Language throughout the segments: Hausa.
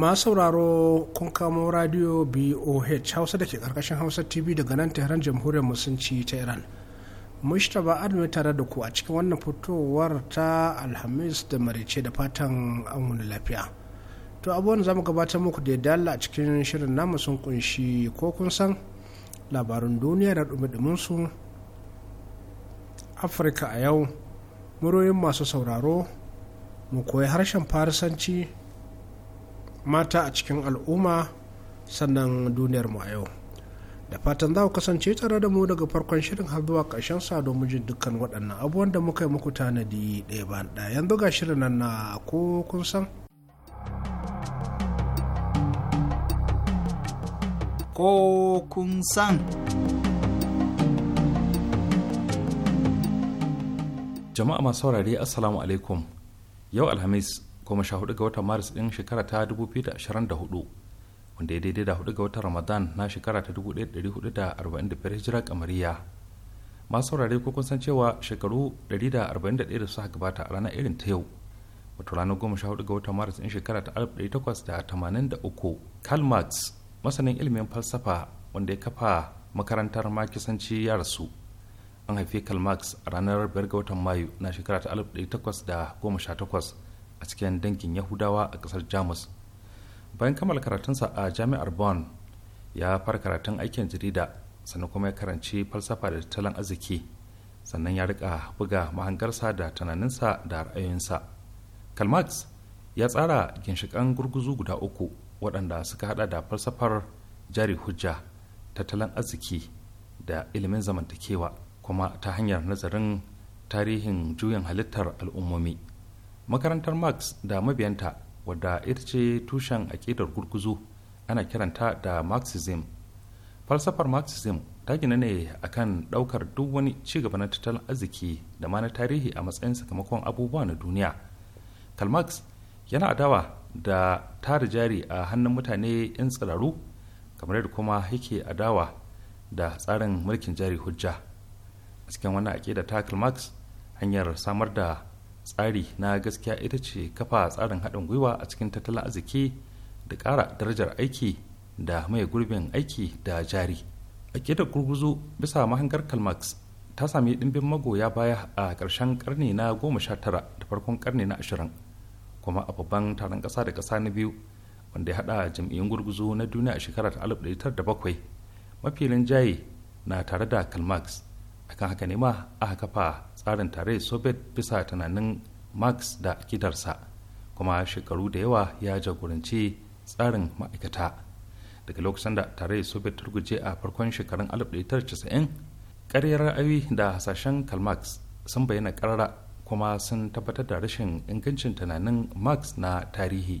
masu sauraro kun kamo radio boh hausa da ke karkashin hausa tv daga nan tehran jamhuriyar musulunci ta iran mushtaba admi tare da ku a cikin wannan fitowar ta alhamis da marice da fatan an wani lafiya to abubuwan za mu gabata muku da dala a cikin shirin namu sun kunshi ko kun san labarin duniya da dumi su afirka a yau muroyin masu sauraro mu koyi harshen farisanci mata a cikin al'umma sannan duniyar mu a yau da fatan za ku kasance tare da mu daga farkon shirin har zuwa ƙarshen sa domin jin dukkan waɗannan abubuwan da muka yi muku tanadi ɗaya ba ɗaya yanzu ga shirin nan na ko kun san ko kun san jama'a masu saurare assalamu alaikum yau alhamis goma sha hudu ga watan maris din shekara ta 2024 wanda ya daidai da hudu ga watan ramadan na shekara ta 1445 hijira kamariya masu saurare ko kun san cewa shekaru 141 da suka gabata a ranar irin ta yau wato ranar goma sha hudu ga watan maris din shekara ta 1883 karl marx masanin ilimin falsafa wanda ya kafa makarantar makisanci ya rasu an haifi karl marx a ranar 5 ga watan mayu na shekara ta 1818 a cikin dangin yahudawa a kasar jamus bayan kammala karatunsa a jami'ar bonn ya fara karatun aikin jarida sannan kuma ya karanci falsafa da tattalin arziki sannan ya rika buga mahangarsa da tunaninsa da ra'ayoyinsa karl marx ya tsara ginshikan gurguzu guda uku waɗanda suka hada da falsafar jari hujja tattalin arziki da ilimin zamantakewa kuma ta hanyar nazarin tarihin juyin halittar al'ummomi makarantar marx da mabiyanta wadda ita ce tushen aƙidar gurguzu ana kiranta da marxism falsafar marxism ta gina ne akan ɗaukar duk wani cigaba na tattalin arziki da ma na tarihi a matsayin sakamakon abubuwa na duniya karl marx yana adawa da tara jari a hannun mutane 'yan tsiraru kamar yadda kuma yake adawa da tsarin mulkin jari hujja a cikin wannan aƙida ta karl marx hanyar samar da tsari na gaskiya ita ce kafa tsarin haɗin gwiwa a cikin tattalin arziki da ƙara darajar aiki da mai gurbin aiki da jari a da gurguzu bisa mahangar kalmax ta sami ɗimbin magoya baya a ƙarshen ƙarni na goma sha tara da farkon ƙarni na ashirin kuma a babban taron ƙasa da ƙasa na biyu wanda ya haɗa jam'iyyun gurguzu na duniya a shekarar bakwai mafilin jaye na tare da kalmax akan haka ne ma aka kafa tsarin tare soviet bisa tunanin marx da gidarsa kuma shekaru da yawa ya jagoranci tsarin ma'aikata daga lokacin da tare soviet turguje a farkon shekarun 1990 karyar ra'ayi da hasashen karl marx sun bayyana karara kuma sun tabbatar da rashin ingancin tunanin marx na tarihi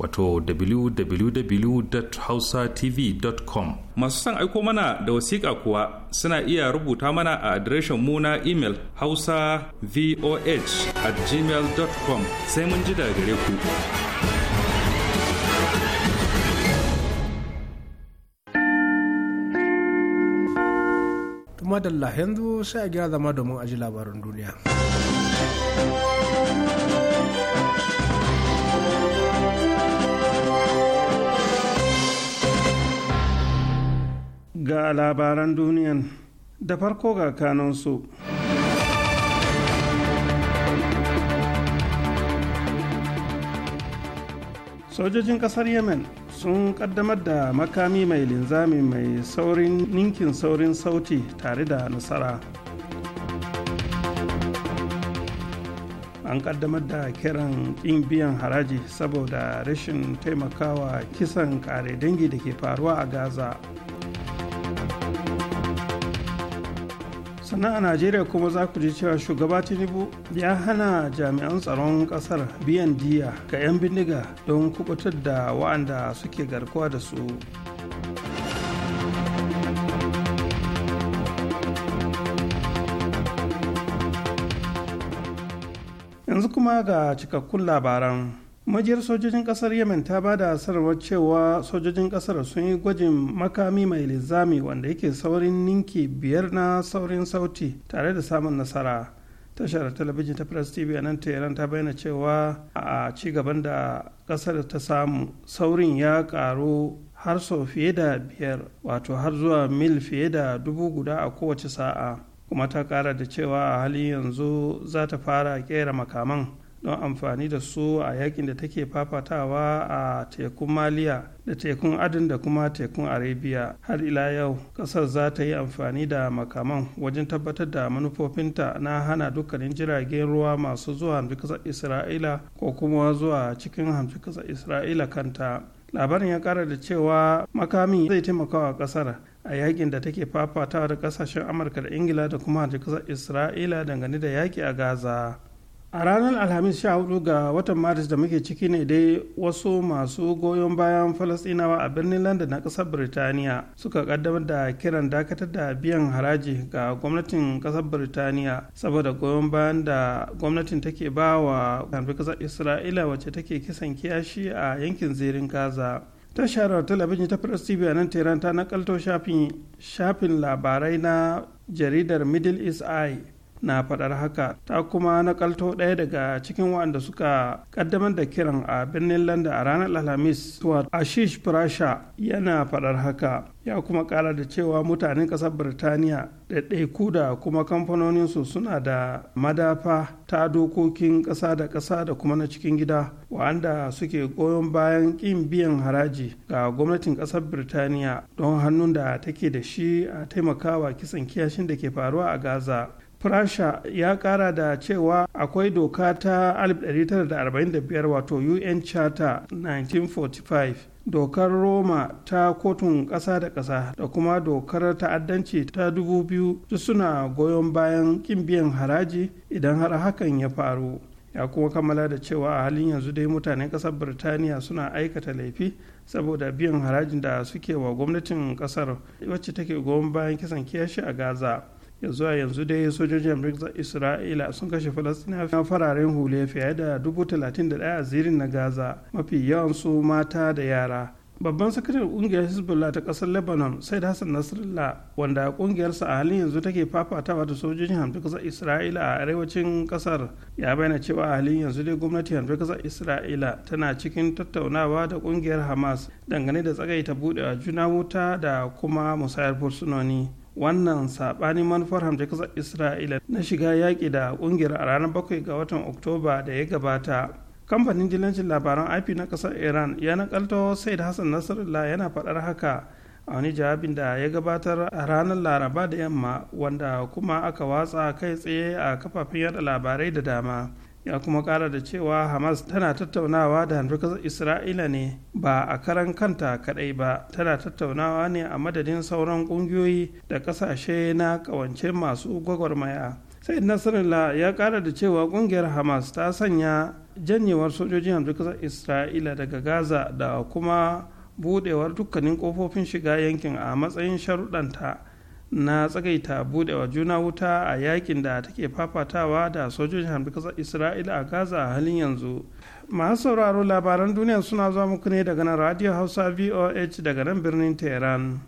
wato www.hausatv.com masu son aiko mana da wasiƙa kuwa suna iya rubuta mana a adireshin mu na imel hausa voh at gmail.com sai mun ji daga gare ku madalla yanzu sai a gyara zama domin aji labarin duniya ga labaran duniyan da farko ga kanansu. sojojin kasar yemen sun kaddamar da makami mai linzami mai saurin ninkin saurin sauti tare da nasara an kaddamar da kiran ƙin biyan haraji saboda rashin taimakawa kisan kare dangi da ke faruwa a gaza sannan a najeriya kuma za ku ji cewa shugaba tinubu ya hana jami'an tsaron kasar biyan diya ga 'yan bindiga don kubutar da wa'anda suke garkuwa da su yanzu kuma ga cikakkun labaran majiyar sojojin kasar yemen ta ba da sanarwar cewa sojojin kasar sun yi gwajin makami mai lizami wanda yake saurin ninki biyar na saurin sauti tare da samun nasara tashar talabijin ta press tv a nan teheran ta bayyana cewa a ci gaban da kasar ta samu saurin ya karu har sau fiye da biyar wato har zuwa mil fiye da dubu guda a kowace sa'a kuma ta kara da cewa a halin yanzu za ta fara kera makaman don amfani da su a yakin da take fafatawa a tekun maliya da tekun adin da kuma tekun arabia har ila yau kasar za ta yi amfani da makaman wajen tabbatar da manufofinta na hana dukkanin jiragen ruwa masu zuwa hamsin kasar isra'ila ko kuma zuwa cikin hamsin kasar isra'ila kanta labarin ya kara da cewa makami zai taimaka wa kasar a yakin da take fafatawa da kasashen amurka da ingila da kuma hajji kasar isra'ila dangane da yaki a gaza a ranar alhamis sha hudu ga watan maris da muke ciki ne dai wasu masu goyon bayan falasinawa a birnin london na kasar birtaniya suka kaddamar da kiran dakatar da biyan haraji ga gwamnatin kasar birtaniya saboda goyon bayan da gwamnatin take ba wa karfi kasar isra'ila wacce take kisan kiyashi a yankin zirin gaza tashar talabijin ta press tv a nan tehran ta nakalto shafin labarai na jaridar middle east eye na faɗar haka ta kuma nakalto ɗaya daga cikin waɗanda suka ƙaddamar da kiran a birnin landa a ranar alhamis ashish prasha yana faɗar haka ya kuma ƙara da cewa mutanen ƙasar birtaniya da ɗaiɗaiku da kuma kamfanoninsu suna da madafa ta dokokin ƙasa da ƙasa da kuma na cikin gida wa'anda suke goyon bayan ƙin biyan haraji ga gwamnatin ƙasar birtaniya don hannun da take da shi a taimakawa kisan kiyashin da ke faruwa a gaza Prasha ya kara da cewa akwai doka ta 1945 wato UN Charter 1945 dokar Roma ta kotun ƙasa da ƙasa da kuma dokar ta'addanci ta 2000 su suna goyon bayan kin biyan haraji idan har hakan ya faru. ya kuma kammala da cewa a halin yanzu dai mutanen kasar birtaniya suna aikata laifi saboda biyan harajin da suke wa gwamnatin kasar wacce take goyon bayan kisan kiyashi a gaza yanzu a yanzu dai sojojin amurka isra'ila sun kashe falastinawa fararen hule fiye da dubu talatin da daya a zirin na gaza mafi yawan su mata da yara babban sakataren kungiyar hezbollah ta kasar lebanon sai da hassan nasrallah wanda kungiyarsa a halin yanzu take fafatawa da sojojin hamdu kasar isra'ila a arewacin kasar ya bayyana cewa a halin yanzu dai gwamnati hamdu kasar isra'ila tana cikin tattaunawa da kungiyar hamas dangane da tsagaita buɗewa juna wuta da kuma musayar fursunoni wannan saɓanin manufar hamshe kasar isra'ila na shiga yaƙi da ƙungiyar a ranar bakwai ga watan oktoba da ya gabata kamfanin jilancin labaran ip na ƙasar iran ya nakalto said hassan nasarallah yana faɗar haka a wani jawabin da ya gabatar a ranar laraba da yamma wanda kuma aka watsa kai tsaye a kafafen yada labarai da dama ya kuma kara da cewa hamas tana tattaunawa da hamdukar isra'ila ne ba a karan kanta kadai ba tana tattaunawa ne a madadin sauran kungiyoyi da kasashe na kawance masu gwagwarmaya sai nasarallah ya kara da cewa kungiyar hamas ta sanya janyewar sojojin hamdukar isra'ila daga gaza da kuma budewar dukkanin kofofin shiga yankin a matsayin sharuɗanta na tsagaita wa juna wuta a yakin da take fafatawa da sojojin hamdu kasar isra'ila a gaza a halin yanzu masu sauraro labaran duniya suna zuwa muku ne daga nan radio hausa voh daga nan birnin tehran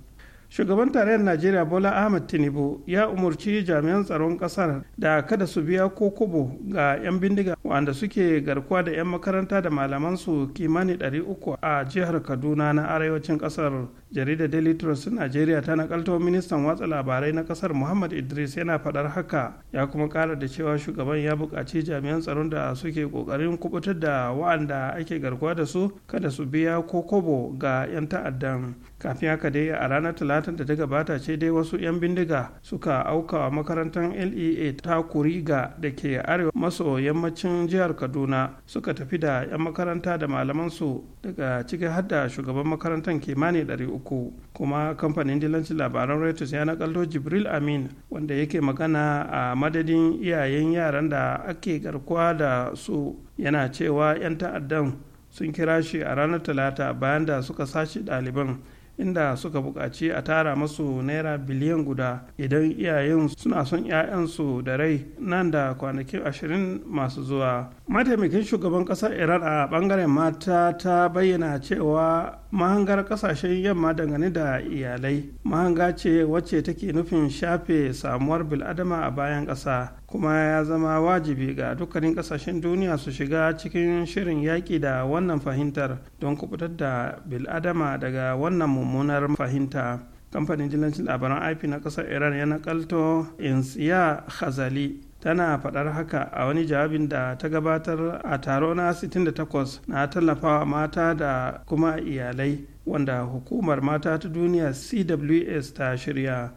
shugaban tarayyar najeriya bola ahmed tinubu ya umarci jami'an tsaron kasar da kada su biya ko kobo ga 'yan bindiga wanda suke garkuwa da 'yan makaranta da malamansu kimanin 300 a jihar kaduna na arewacin kasar jaridar daily trust najeriya ta nakalto ministan watsa labarai na kasar muhammad idris yana fadar haka ya kuma kara da cewa shugaban ya bukaci jami'an tsaron da suke kokarin kubutar da wa'anda ake garkuwa da su kada su biya ko kobo ga 'yan ta'addan kafin haka dai a ranar talata da ta gabata ce dai wasu 'yan bindiga suka aukawa makarantar lea ta kuriga da ke arewa maso yammacin jihar kaduna suka tafi da 'yan makaranta da malamansu daga ciki har da shugaban makarantar kimani 300 kuma kamfanin dilancin labaran reuters ya nakalto jibril amin wanda yake magana a madadin iyayen yaran da ake garkuwa da su yana cewa 'yan ta'addan sun kira shi a ranar talata bayan da suka sace ɗaliban inda suka buƙaci a tara masu naira biliyan guda idan iyayen suna son 'ya'yansu da rai nan da kwanakin ashirin masu zuwa mataimakin shugaban ƙasar iran a ɓangaren mata ta bayyana cewa mahangar ƙasashen yamma dangane da iyalai mahanga ce wacce take nufin shafe samuwar bil'adama a bayan ƙasa kuma ya zama wajibi ga dukkanin kasashen duniya su shiga cikin shirin yaƙi da wannan fahimtar don kubutar da biladama daga wannan mummunar fahimta kamfanin jilancin labaran ip na ƙasar iran ya nakalto insiya khazali tana faɗar haka a wani jawabin da ta gabatar a taro na 68 na tallafawa mata da kuma iyalai wanda hukumar mata ta duniya cws ta shirya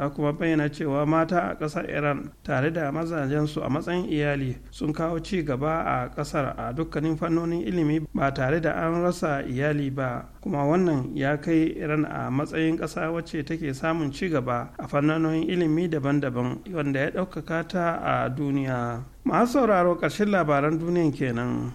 ta kuma bayyana cewa mata a ƙasar iran tare da mazajensu a matsayin iyali sun kawo ci gaba a ƙasar a dukkanin fannonin ilimi ba tare da an rasa iyali ba kuma wannan ya kai iran a matsayin ƙasa wacce take samun ci gaba a fannonin ilimi daban-daban wanda ya ɗaukaka ta a duniya masu sauraro ƙarshen labaran duniyan kenan.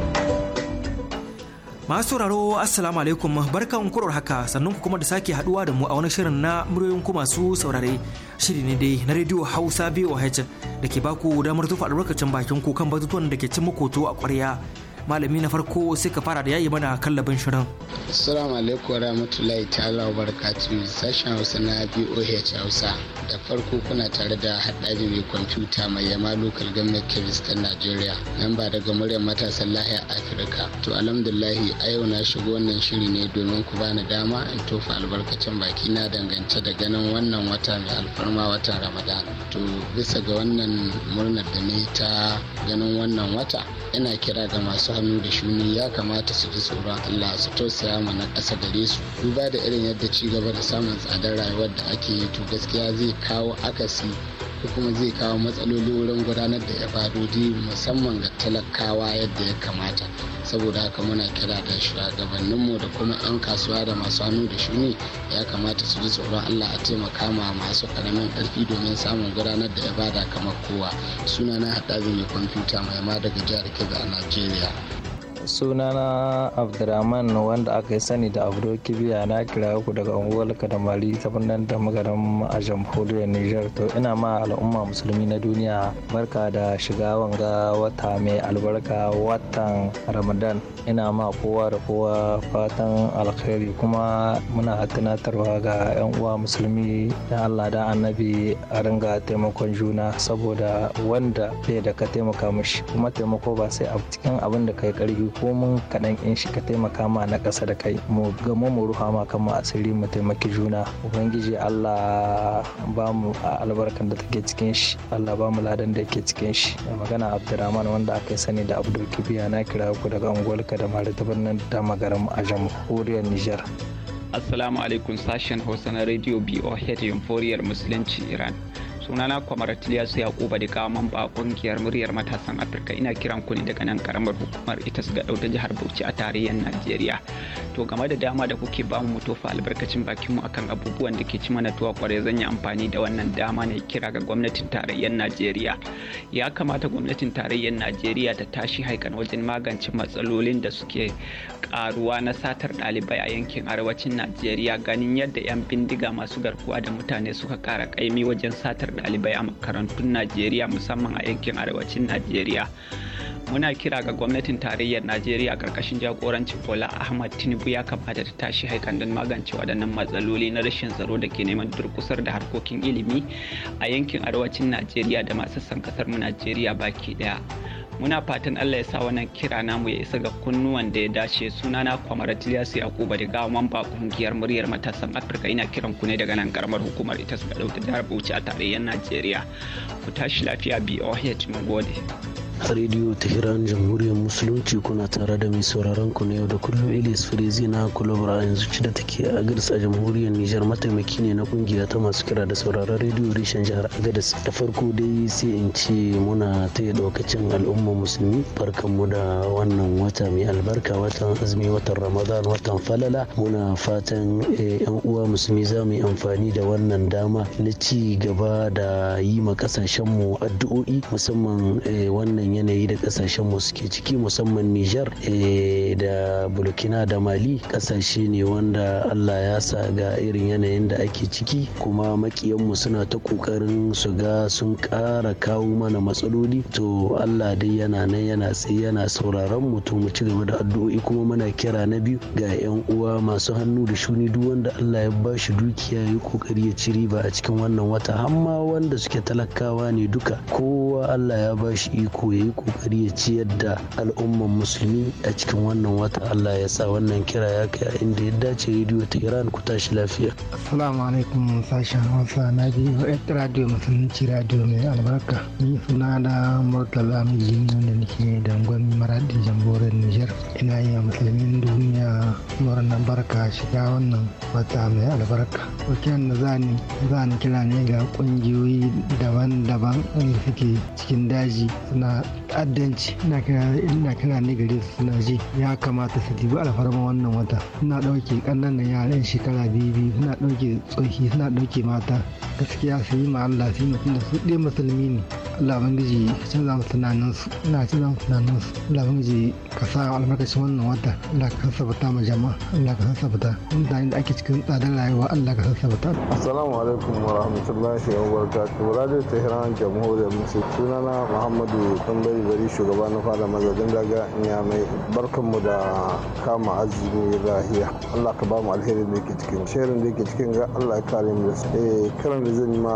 Masu sauraro Assalamu alaikum barkan kurar haka sannan kuma da sake haduwa da mu a wani shirin na muryoyin ku masu saurare shiri ne dai na rediyo Hausa BOH da ke baku damar tufa albarkacin bakin ku kan batutuwan da ke cin makoto a kwarya malami na farko sai ka fara da yayi mana kallabin shirin assalamu alaikum warahmatullahi ta'ala wa barakatuh sashen hausa na boh hausa da farko kuna tare da haɗari mai kwamfuta mai yama lokal government kiristan najeriya nan ba daga muryar matasan lahiya afirka to alhamdulahi a yau na shigo wannan shiri ne domin ku bani dama in tofa albarkacin baki na dangance da ganin wannan wata mai alfarma watan ramadan to bisa ga wannan murnar da ne ta ganin wannan wata ina kira ga masu masu hannu da shuni ya kamata su ji tsoron allah su tausaya ma na ƙasa gare su duba da irin yadda ci gaba da samun tsadar rayuwar da ake yi to gaskiya zai kawo akasi ko kuma zai kawo matsaloli wurin gudanar da ibadodi musamman ga talakawa yadda ya kamata saboda haka muna kira da shugabanninmu da kuma 'yan kasuwa da masu hannu da shuni ya kamata su ji tsoron allah a taimaka ma masu karamin karfi domin samun gudanar da ibada kamar kowa suna sunana haɗa mai kwamfuta mai ma daga jihar kebbi a najeriya sunana abdulrahman wanda aka yi sani da abdo kibiya na kira ku daga unguwar kadamari ta birnin da magaran a jamhuriyar niger to ina ma al'umma musulmi na duniya barka da shiga wanga wata mai albarka watan ramadan ina ma kowa da kowa fatan alkhairi kuma muna tunatarwa ga 'yan uwa musulmi da allah da annabi a ringa taimakon juna saboda wanda bai da ka taimaka mashi kuma taimako ba sai a cikin abin da kai karfi ko mun kaɗan in shi ka taimaka ma na ƙasa da kai mu ga mu ruha ma kanmu asiri mu taimaki juna ubangiji Allah ba mu albarkan da take cikin shi Allah ba mu ladan da yake cikin shi da magana Abdurrahman wanda aka sani da Abdul Kibiya na kira ku daga unguwar da mare ta birnin da magaram a jamhuriyar Nijar. Assalamu alaikum sashen Hausa na Radio BOH Yunforiyar Musulunci Iran. sunana kwamar tiliyasu yakuba da kaman ba kungiyar muryar matasan afirka ina kiran ku ne daga nan karamar hukumar ita su ga ta jihar bauchi a tarayyar najeriya to game da dama da kuke ba mu fa albarkacin bakinmu mu akan abubuwan da ke ci mana tuwa kwarai zan yi amfani da wannan dama na kira ga gwamnatin tarayyar najeriya ya kamata gwamnatin tarayyar najeriya ta tashi haikan wajen magance matsalolin da suke karuwa na satar ɗalibai a yankin arewacin najeriya ganin yadda 'yan bindiga masu garkuwa da mutane suka kara kaimi wajen satar ɗalibai a makarantun najeriya musamman a yankin arewacin najeriya muna kira ga gwamnatin tarayyar najeriya karkashin jagorancin bola ahmad tinubu ya kamata ta tashi haikan don magance waɗannan matsaloli na rashin tsaro da ke neman durkusar da harkokin ilimi a yankin arewacin najeriya da masu sassan kasar mu najeriya baki daya muna fatan Allah ya sa wannan kira namu ya isa ga kunnuwan da ya dace sunana kwamar Tiliyasu Yakuba da gawa mamba kungiyar muryar matasan Afirka ina kiran ku ne daga nan karamar hukumar ita suka dauki jihar a tarayyar Najeriya ku tashi lafiya BOH mun gode. rediyo tehran jamhuriyar musulunci kuna tare da mai sauraron ku na yau da kullum ilis firizi na kulobra yanzu ci da take a gars a jamhuriyar nijar mataimaki ne na kungiya ta masu kira da sauraron rediyo reshen jihar agadas da farko dai sai in ce muna ta yi daukacin al'umma musulmi barkanmu da wannan wata mai albarka watan azumi watan ramadan watan falala muna fatan eh, yan uwa musulmi za mu yi amfani da wannan dama na ci gaba da yi ma kasashenmu addu'o'i musamman eh, wannan yanayi da kasashen mu suke ciki musamman Nijar eh, da Burkina da Mali kasashe ne wanda Allah ya sa ga irin yanayin da ake ciki kuma makiyan mu suna ta kokarin su ga sun ƙara kawo mana matsaloli to Allah dai yana nan yana sai yana sauraron mu to mu ci gaba da addu'o'i kuma muna kira na biyu ga 'yan uwa masu hannu da shuni duk wanda Allah ya ba shi dukiya ya kokari ya ci riba a cikin wannan wata amma wanda suke talakawa ne duka kowa Allah ya ba shi iko ya yi kokari ya ciyar da al'umman musulmi a cikin wannan wata Allah ya sa wannan kira ya kai a inda ya dace rediyo ta Iran ku tashi lafiya. Assalamu alaikum sashen Hausa na biyu radio musulunci radio mai albarka. Ni suna da Murtala Mijin da nake dangon maradi jamhuriyar Nijar. Ina yi musulmin duniya murnar barka shiga wannan wata mai albarka. Wakilin da zani zani kira ne ga kungiyoyi daban-daban ne suke cikin daji suna addanci ina kira ina kira ne gare su suna ji ya kamata su dibi alfarma wannan wata suna ɗauke ƙannan yara yan shekara biyu biyu suna ɗauke tsohi suna ɗauke mata gaskiya su yi ma'alla su yi mutum da su ɗaya musulmi ne Allah bangiji ka canza musu tunanin su ina canza musu tunanin su Allah bangiji ka sa albarkacin wannan wata Allah ka san sassabata ma jama'a Allah ka san sassabata mutane da ake cikin tsadar rayuwa Allah ka san sassabata assalamu alaikum wa rahmatullahi wa barakatuh radio tehran jamhuriyar musulmi sunana muhammadu dan bari bari shugaba na fada mazadin daga ya mai barkanmu mu da kama azumi rahiya Allah ka ba mu alherin da yake cikin shirin da yake cikin ga Allah ya kare mu da su eh kiran da zan ma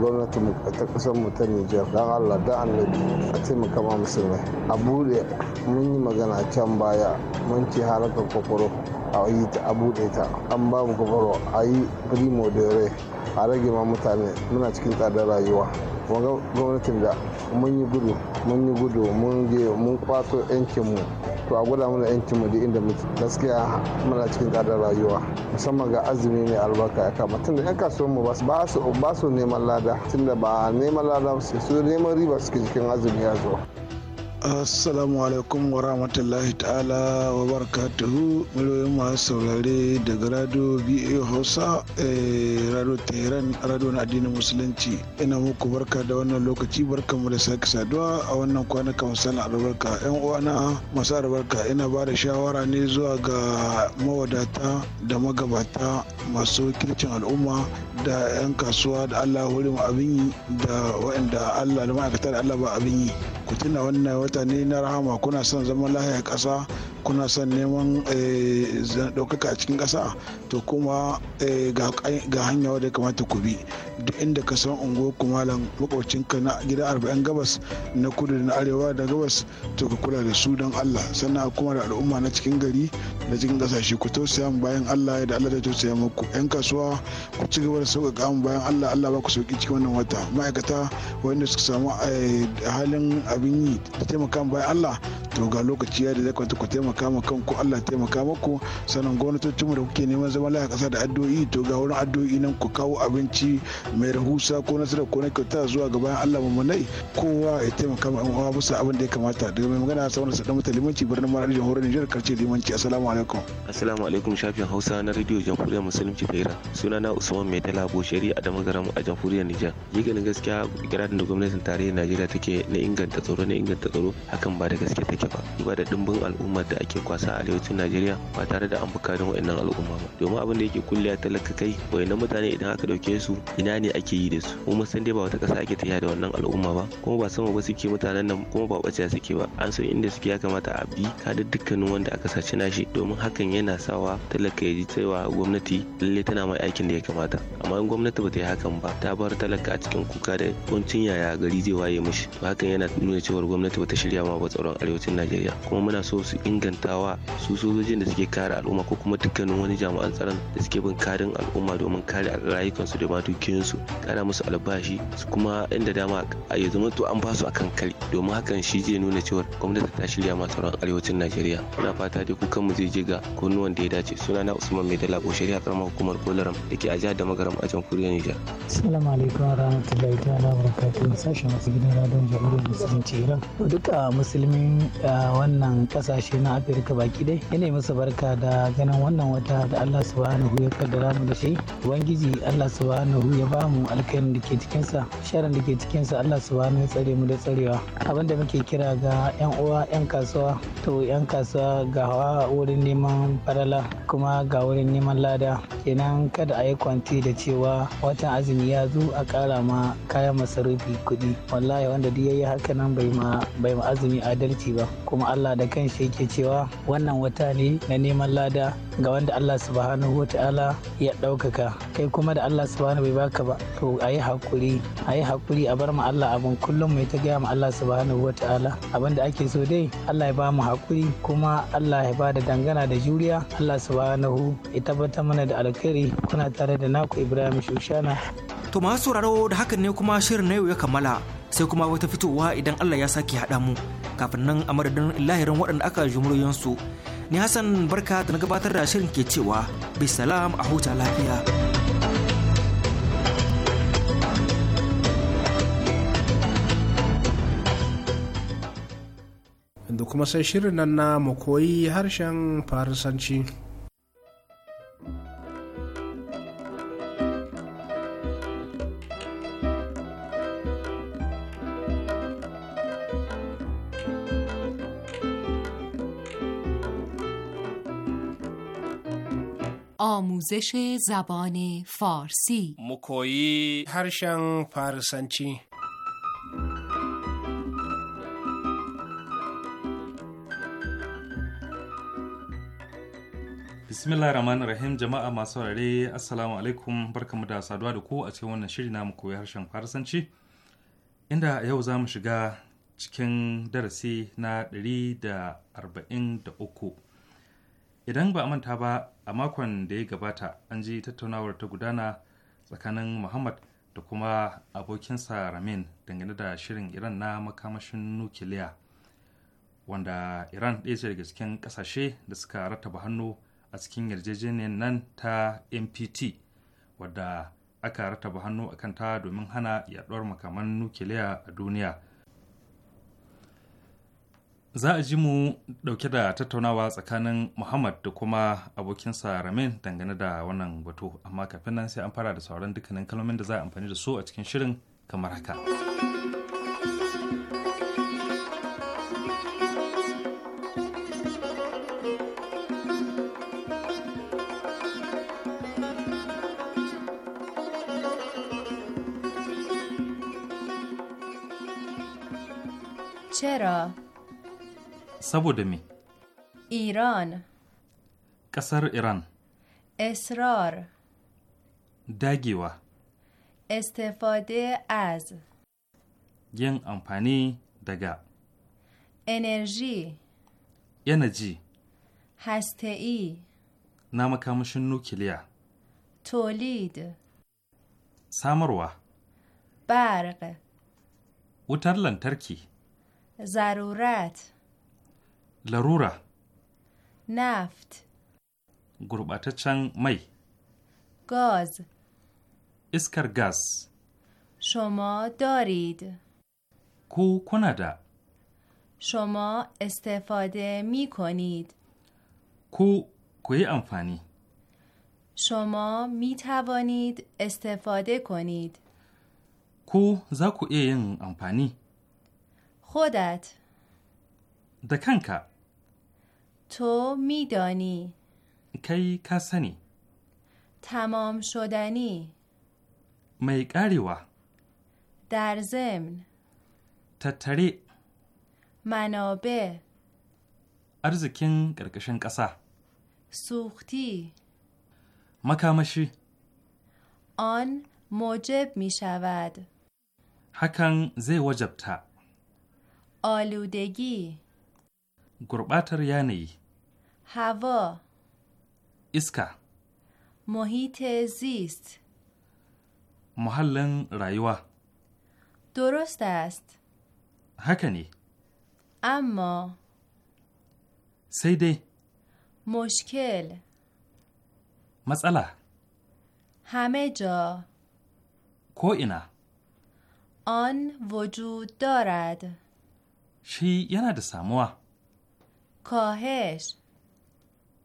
gwamnati mu ta kasar mu ta nijar dan Allah da annabi a taimaka ma musulmai a bude mun yi magana can baya mun ce halakar kwakwaro a yi ta a bude ta an babu kwakwaro a yi primo de a rage ma mutane muna cikin tsadar rayuwa wanga gwamnatin da mun yi gudu mun yi gudu mun je mun kwato yankinmu to a gwada mana yankinmu da inda gaskiya muna cikin tsadar rayuwa musamman ga azumi mai albarka ya kama tunda yan kasuwan mu ba su neman lada tunda ba neman lada su neman riba suke cikin azumi ya zuwa assalamu alaikum wa rahmatullahi ta'ala wa barakatuhu miliyoyin masu saurare daga radio ba hausa eh, radio tehran radio na addinin musulunci ina muku barka da wannan lokaci barka mu da sake saduwa a wannan kwanaka musamman albarka yan uwana masu albarka ina ba da shawara ne zuwa ga mawadata da magabata masu kircin al'umma da 'yan kasuwa da allah hurin abin yi da waɗanda allah da ma'aikatar allah ba abin yi ku tuna wannan mutane na rahama kuna son zaman lahiya ƙasa kuna son neman eh, ɗaukaka a cikin ƙasa to kuma eh, ga hanya wadda kamata ku bi duk inda ka san ungo kumalan ka na gida arba'in gabas na kudu da na arewa da gabas to ka kula da su don allah sannan kuma da al'umma na cikin gari da cikin ƙasashe ku tausaya mu bayan allah da allah da tausaya muku yan kasuwa ku ci gaba da sauƙaƙa mu bayan allah allah ba ku sauƙi cikin wannan wata ma'aikata wanda suka samu eh, halin abin yi da taimaka bayan allah to ga lokaci ya da zai kwanta ku taimaka taimaka ma kanku Allah taimaka maku sannan gwamnatocinmu da kuke neman zama lafiya kasa da addu'o'i to ga wurin addu'o'i nan ku kawo abinci mai rahusa ko nasara ko na kyauta zuwa ga bayan Allah mamanai kowa ya taimaka ma ɗan uwa musu abin da ya kamata daga mai magana sa da sadan mata limanci birnin Mara Jamhuriyar Nijar karce limanci assalamu alaikum assalamu alaikum shafin Hausa na rediyo Jamhuriyar Musulunci suna na Usman Mai Dala shari a Damagaram a Jamhuriyar ni ganin gaskiya kiradin da gwamnatin tarayyar Najeriya take na inganta tsaro na inganta tsaro hakan ba da gaske take ba duba da dimbin al'ummar da ake kwasa a arewacin najeriya ba tare da an bukarin wa'annan al'umma ba domin abin da yake kulle talaka kai wa'annan mutane idan aka dauke su ina ne ake yi da su kuma san dai ba wata ƙasa ake tafiya da wannan al'umma ba kuma ba sama ba suke mutanen nan kuma ba ɓaciya suke ba an san inda suke ya kamata a bi da dukkanin wanda aka sace nashi domin hakan yana sawa talaka ya ji cewa gwamnati lalle tana mai aikin da ya kamata amma in gwamnati ba ta yi hakan ba ta bar talaka a cikin kuka da kuncin yaya gari zai waye mishi to hakan yana nuna cewa gwamnati ba ta shirya ma ba tsaron arewacin najeriya kuma muna so su inganta kwatantawa su sojojin da suke kare al'umma ko kuma dukkanin wani jami'an tsaron da suke bin karin al'umma domin kare rayukansu da ma dukiyoyinsu kara musu albashi su kuma inda dama a yanzu zama an basu su akan kari domin hakan shi zai nuna cewa gwamnati ta shirya ma tsaron arewacin najeriya na fata dai kukan mu zai je ga kunnuwan da ya dace suna na usman mai dala ko shari'a karamar hukumar kolaram da ke a jihar da magaram a jamhuriyar nijar. assalamu alaikum wa rahmatullahi ta'ala wa barakatuhu sashen wasu gidan radon jamhuriyar musulunci iran duka musulmin eh, wannan kasashe na afirka baki dai yana masa barka da ganin wannan wata da allah subhanahu ya kaddara mu da shi ubangiji allah subhanahu ya ba mu alkhairin da ke cikinsa sharan da ke cikinsa allah subhanahu ya tsare mu da tsarewa abin da muke kira ga yan uwa yan kasuwa to yan kasuwa ga hawa wurin neman farala kuma ga wurin neman lada kenan kada a yi kwanti da cewa watan azumi ya zo a kara ma kayan masarufi kuɗi wallahi wanda duk yayi haka nan bai ma bai ma azumi adalci ba kuma allah da kan shi yake cewa cewa wannan wata ne na neman lada ga wanda Allah subhanahu wa ta'ala ya ɗaukaka kai kuma da Allah subhanahu bai baka ba to a yi haƙuri a yi haƙuri a bar mu Allah abin kullum mai ta gaya ma Allah subhanahu wa ta'ala abin da ake so dai Allah ya ba mu haƙuri kuma Allah ya ba da dangana da juriya Allah subhanahu ya tabbatar mana da alkhairi kuna tare da naku Ibrahim Shushana to masu sauraro da hakan ne kuma shirin na yau ya kammala sai kuma wata fitowa idan Allah ya sake haɗa mu kafin nan a madadin lahirin waɗanda aka jumuriyansu ni hassan barka da na gabatar da shirin ke cewa salam a huta lafiya da kuma sai shirin nan na mu koyi harshen farisanci آموزش زبان فارسی مکویی هرشن فارسنچی bismillah rahman rahim jama'a masu saurari assalamu alaikum barkamu da saduwa da ku a cikin wannan shiri na koyi harshen farsanci inda yau za mu shiga cikin darasi na ɗari da da arba'in uku. idan ba a manta ba a makon da ya gabata an ji tattaunawar ta gudana tsakanin muhammad da kuma abokinsa ramin dangane da shirin iran na makamashin nukiliya wanda iran ɗaya ce daga cikin ƙasashe da suka rattaba hannu a cikin yarjejeniyar nan ta npt wadda aka rattaba hannu a kanta domin hana yaɗuwar makaman nukiliya a duniya za a ji mu dauke da tattaunawa tsakanin muhammad da kuma abokinsa ramin dangane da wannan batu amma kafin nan sai an fara da sauran dukkanin kalmomin da za a amfani da su a cikin shirin kamar haka چرا؟ saboda me? Iran. Ƙasar Iran. Esrar. Dagewa. Estefade az. Yin amfani daga. Energy. Yanaji. Hastai. Na makamashin nukiliya. Tolid. Samarwa. Barg. Wutar lantarki. Zarurat. لرورا نفت چنگ می گاز اسکر گاز شما دارید کو کندا شما استفاده می کنید کو کوی شما می توانید استفاده کنید کو زاکو این امفانی خودت دکنکا تو میدانی کی کسنی تمام شدنی می و. در ضمن تتری منابع ارزکین قرقشن قسا سوختی مکامشی. آن موجب می شود زی وجب تا آلودگی گرباتر یعنی. هوا اسکا محیط زیست محل رایوا درست است هکنی اما سیده مشکل مسئله همه جا کوینا آن وجود دارد شی یه نده ساموه کاهش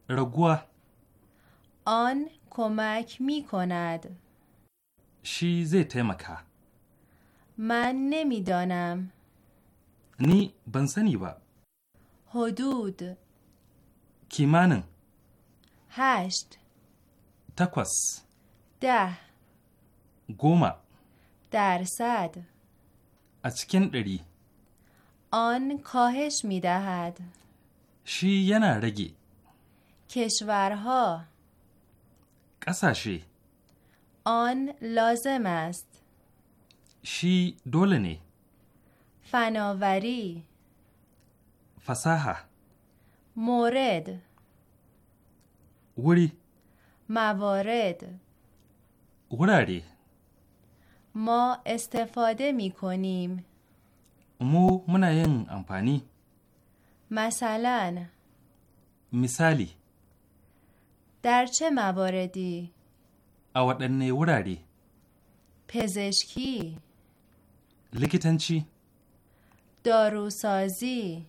Raguwa. An komak mi konad. Shi zai taimaka. Man nemidonam. Ni ban sani ba. Hudud. Kimanin. Hasht. Takwas. Da. Goma. Darsad. A cikin ɗari. An kahesh mi Shi yana rage. کشورها کساشی آن لازم است شی دولنی فناوری فساحه مورد وری موارد وراری ما استفاده می کنیم مو منعین امپانی مثلا مثالی در چه مواردی؟ اوادن وراری پزشکی لیکتنچی داروسازی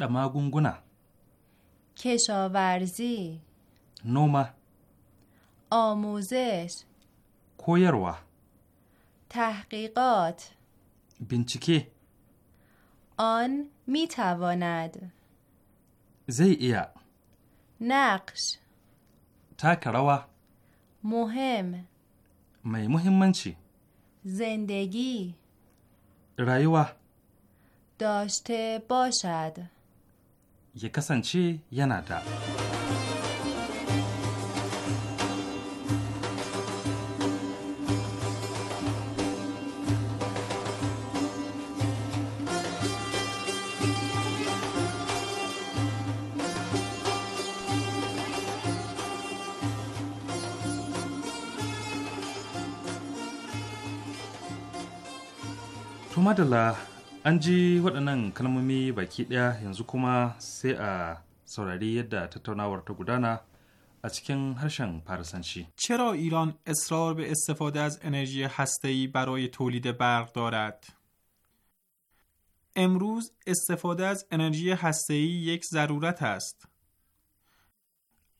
ما ماگونگونا کشاورزی نوما آموزش کویروا تحقیقات بینچکی آن میتواند زی ایا نقش taka rawa muhim mai muhimmanci Zendagi. rayuwa doshte boshad ya kasance yana da. To madalla an ji waɗannan kalmomi baki ɗaya yanzu kuma sai a saurari yadda tattaunawar ta gudana a cikin harshen چرا ایران اصرار به استفاده از انرژی هسته‌ای برای تولید برق دارد؟ امروز استفاده از انرژی هسته‌ای یک ضرورت است.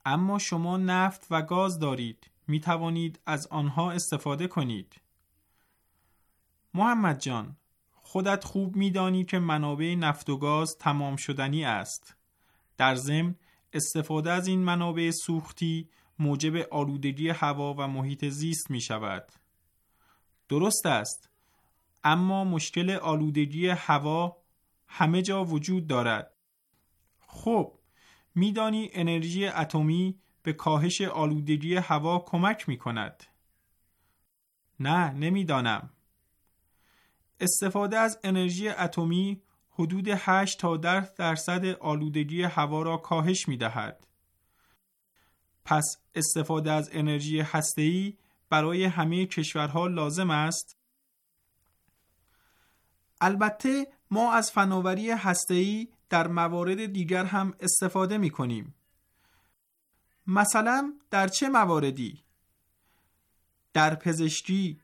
اما شما نفت و گاز دارید. می توانید از آنها استفاده کنید. محمد جان، خودت خوب میدانی که منابع نفت و گاز تمام شدنی است. در ضمن استفاده از این منابع سوختی موجب آلودگی هوا و محیط زیست می شود. درست است. اما مشکل آلودگی هوا همه جا وجود دارد. خب میدانی انرژی اتمی به کاهش آلودگی هوا کمک می کند. نه نمیدانم. استفاده از انرژی اتمی حدود 8 تا 10 درصد آلودگی هوا را کاهش می دهد. پس استفاده از انرژی هسته‌ای برای همه کشورها لازم است. البته ما از فناوری هسته‌ای در موارد دیگر هم استفاده می کنیم. مثلا در چه مواردی؟ در پزشکی،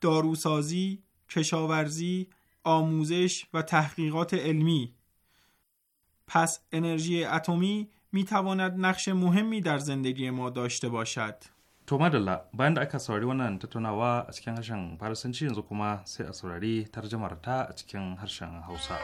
داروسازی، کشاورزی، آموزش و تحقیقات علمی پس انرژی اتمی می تواند نقش مهمی در زندگی ما داشته باشد. To madalla bayan da aka saurari wannan tattaunawa a cikin harshen Farisanci yanzu kuma sai a saurari tarjamar ta a cikin harshen Hausa.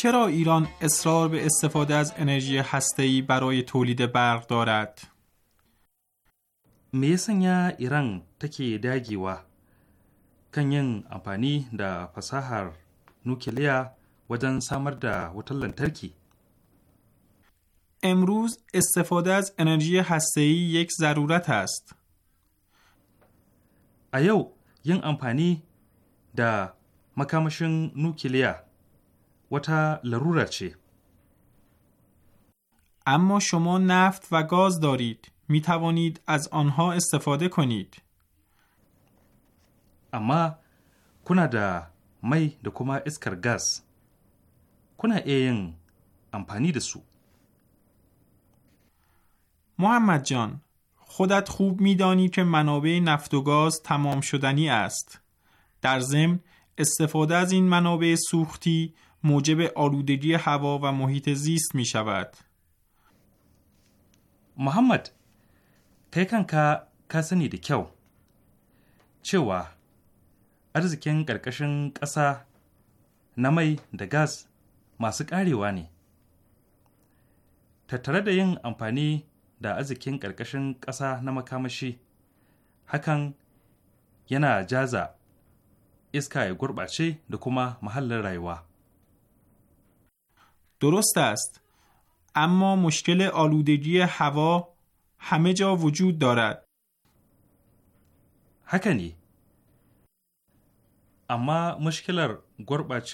چرا ایران اصرار به استفاده از انرژی هسته‌ای برای تولید برق دارد؟ me ya sanya Iran take dagewa kan yin amfani da fasahar nukiliya wajen samar da wutar lantarki? امروز استفاده از انرژی هسته‌ای یک ضرورت است. a yau yin amfani da makamashin nukiliya لرورا چه اما شما نفت و گاز دارید می توانید از آنها استفاده کنید اما kuna da می د kuma اسکر گاز محمد جان خودت خوب میدانی که منابع نفت و گاز تمام شدنی است در ضمن استفاده از این منابع سوختی موجب آلودگی هوا و محیط زیست می شود. محمد kai kanka ka sani da kyau cewa arzikin ƙarƙashin ƙasa na mai da gas masu ƙarewa ne tattare da yin amfani da arzikin ƙarƙashin ƙasa na makamashi hakan yana jaza iska ya gurɓace da kuma mahallin rayuwa درست است اما مشکل آلودگی هوا همه جا وجود دارد هکنی اما مشکل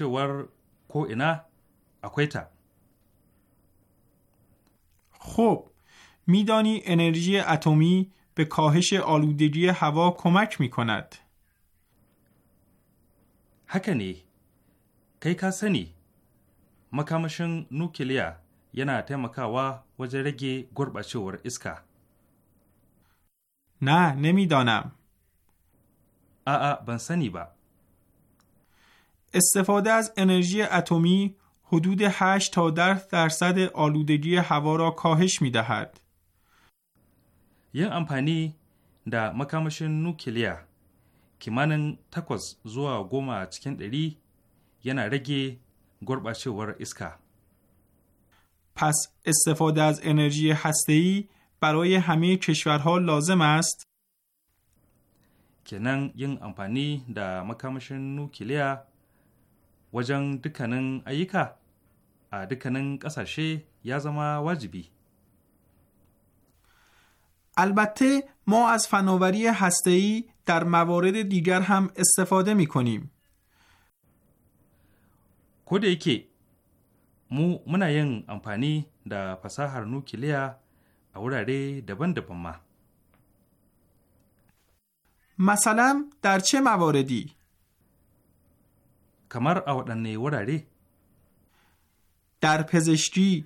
ور کو اینا اکویتا خب میدانی انرژی اتمی به کاهش آلودگی هوا کمک می کند. هکنی کی کسنی makamashin nukiliya یه taimakawa wajen rage gurɓacewar iska. Na, nemi dona. A'a, ban sani استفاده از انرژی اتمی حدود 8 تا 10 درصد آلودگی هوا را کاهش می دهد. یه امپانی در مکامش نوکلیا که منن تکوز زوا و چکن دری یه نرگی گربچهوار اسکا پس استفاده از انرژی هسته‌ای برای همه کشورها لازم است؟ kenan yin amfani da makamashin nukiliya wajen dukkanin ayyuka a dukkanin ƙasashe ya zama wajibi. البته ما از فناوری هسته‌ای در موارد دیگر هم استفاده می‌کنیم. ko da yake mu muna yin amfani da fasahar nukiliya a wurare daban-daban ma. Masalam dar ce mawaradi? Kamar a waɗanne wurare? Dar pezeshki,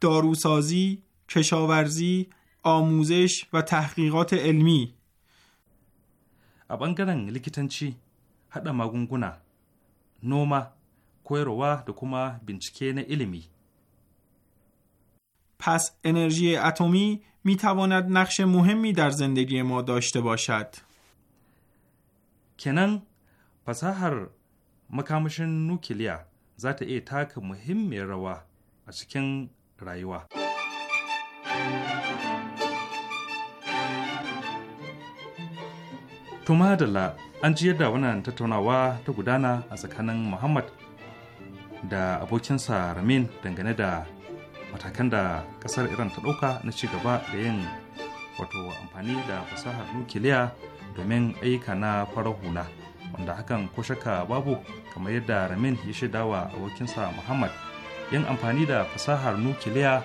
darusazi, kashawarzi, آموزش A تحقیقات likitanci, haɗa magunguna, noma مگونگونا نوما koyarwa da kuma bincike na ilimi. پس انرژی اتمی می تواند نقش مهمی در زندگی ما داشته باشد. کنن فساهر مکامش نوکلیا ذات ای تاک مهم روا از کن رایوا. Tuma da an ji yadda wannan tattaunawa ta gudana a tsakanin Muhammad da abokinsa ramin dangane da matakan da kasar iran ta dauka na ci gaba da yin wato amfani da fasahar nukiliya domin ayyuka na farar hula wanda hakan ko shakka babu kamar yadda ramin ya shaida wa abokinsa muhammad yin amfani da fasahar nukiliya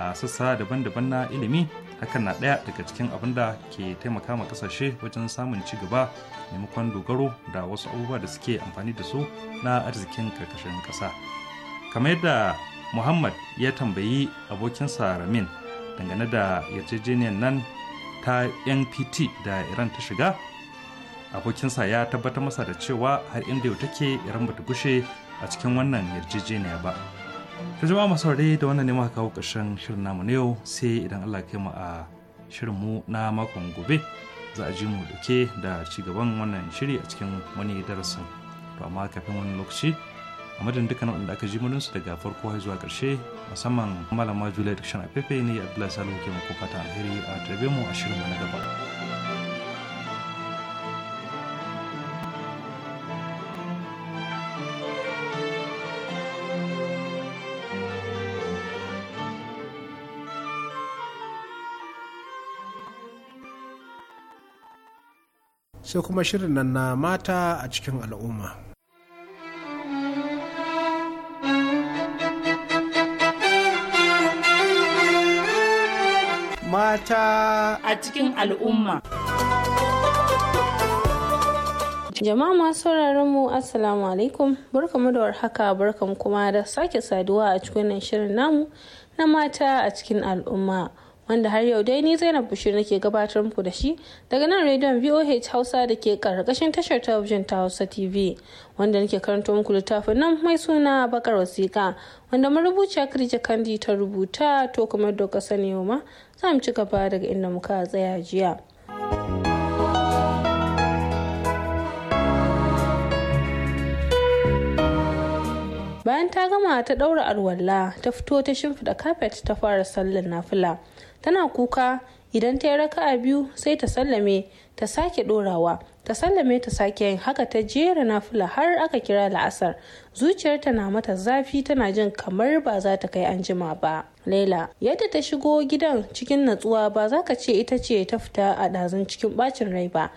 a sassa daban-daban na ilimi hakan na ɗaya daga cikin abin da ke taimaka ma ƙasashe wajen samun ci gaba maimakon dogaro da wasu abubuwa da suke amfani da su na arzikin ƙarƙashin ƙasa kamar yadda muhammad ya tambayi abokinsa ramin dangane da yarjejeniyar nan ta npt da iran ta shiga abokinsa ya tabbatar masa da cewa har inda yau take iran bata gushe a cikin wannan yarjejeniya ba ta jama'a masu saurare da wannan ne kawo ƙarshen shirin namu na yau sai idan Allah kai mu a shirin mu na makon gobe za a ji mu dauke da ci gaban wannan shiri a cikin wani darasin to amma kafin wani lokaci a madadin dukkan waɗanda aka ji su daga farko har zuwa ƙarshe musamman malama juliet shan afefe ne abdullahi salihu ke mako fata alheri a tarbe mu a shirin na gaba. sai kuma shirin nan na mata a cikin al'umma. Mata a cikin al'umma. Jama'a masu sauraron mu Assalamu alaikum barkamu da warhaka barkamu kuma da sake saduwa a cikin shirin namu na mata a cikin al'umma. wanda har yau dai ni Zainab Bashir nake gabatar muku da shi daga nan rediyon VOH Hausa da ke karkashin tashar talabijin ta Hausa TV wanda nake karanta muku littafin nan mai suna bakar wasiƙa wanda marubuciya Khadija Kandi ta rubuta to kuma doka sani ma za mu ci gaba daga inda muka tsaya jiya. bayan ta gama ta daura alwala ta fito ta shimfida kafet ta fara sallar nafila tana kuka idan ta yi raka'a biyu sai ta sallame ta sake dorawa ta sallame ta sake yin haka ta jera nafila har aka kira la'asar zuciyarta na mata zafi tana jin kamar ba za ta kai anjima ba laila yadda ta shigo gidan cikin natsuwa ba za ka ce ita ce ta fita a ɗazun cikin bacin rai ba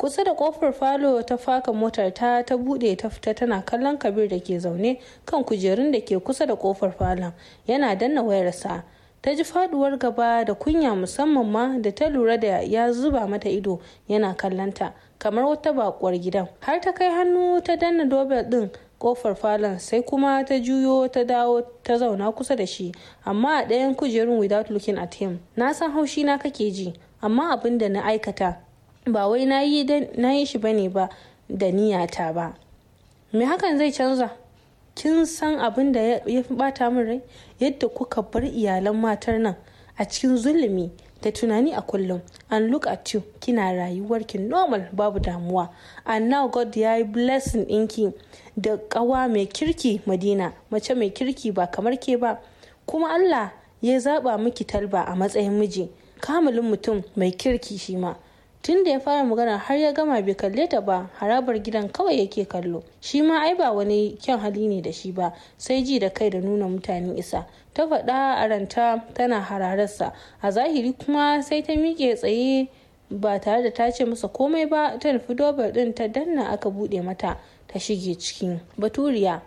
kusa da kofar falo ta faka motar ta ta bude ta fita tana kallon kabir da ke zaune kan kujerun da ke kusa da kofar falon yana danna wayarsa ta ji faduwar gaba da kunya musamman ma da ta lura da ya zuba mata ido yana kallanta kamar wata bakuwar gidan har ta kai hannu ta danna dobel din kofar falon sai kuma ta juyo ta dawo ta zauna kusa da shi amma a ɗayan kujerun without looking at him na san haushi na kake ji amma abin da na aikata ba wai na yi shi bane ba da niyata ba me hakan zai canza kin san abin da ya fi bata min rai yadda kuka bar iyalan matar nan a cikin zulumi da tunani a kullum an look at you kina rayuwarki normal babu damuwa and now god ya yi blessing ɗinki da ƙawa mai kirki madina mace mai kirki ba kamar ke ba kuma allah ya zaba miki talba a matsayin miji kamulin mutum mai kirki shi ma tun da ya fara magana har ya gama bai kalle ta ba harabar gidan kawai yake kallo shi ma ai ba wani kyan hali ne da shi ba sai ji da kai da nuna mutane isa ta faɗa a ranta tana hararsa a zahiri kuma sai ta miƙe tsaye ba tare da ta ce masa komai ba ta nufi dobar ɗin ta danna aka buɗe mata ta shige cikin baturiya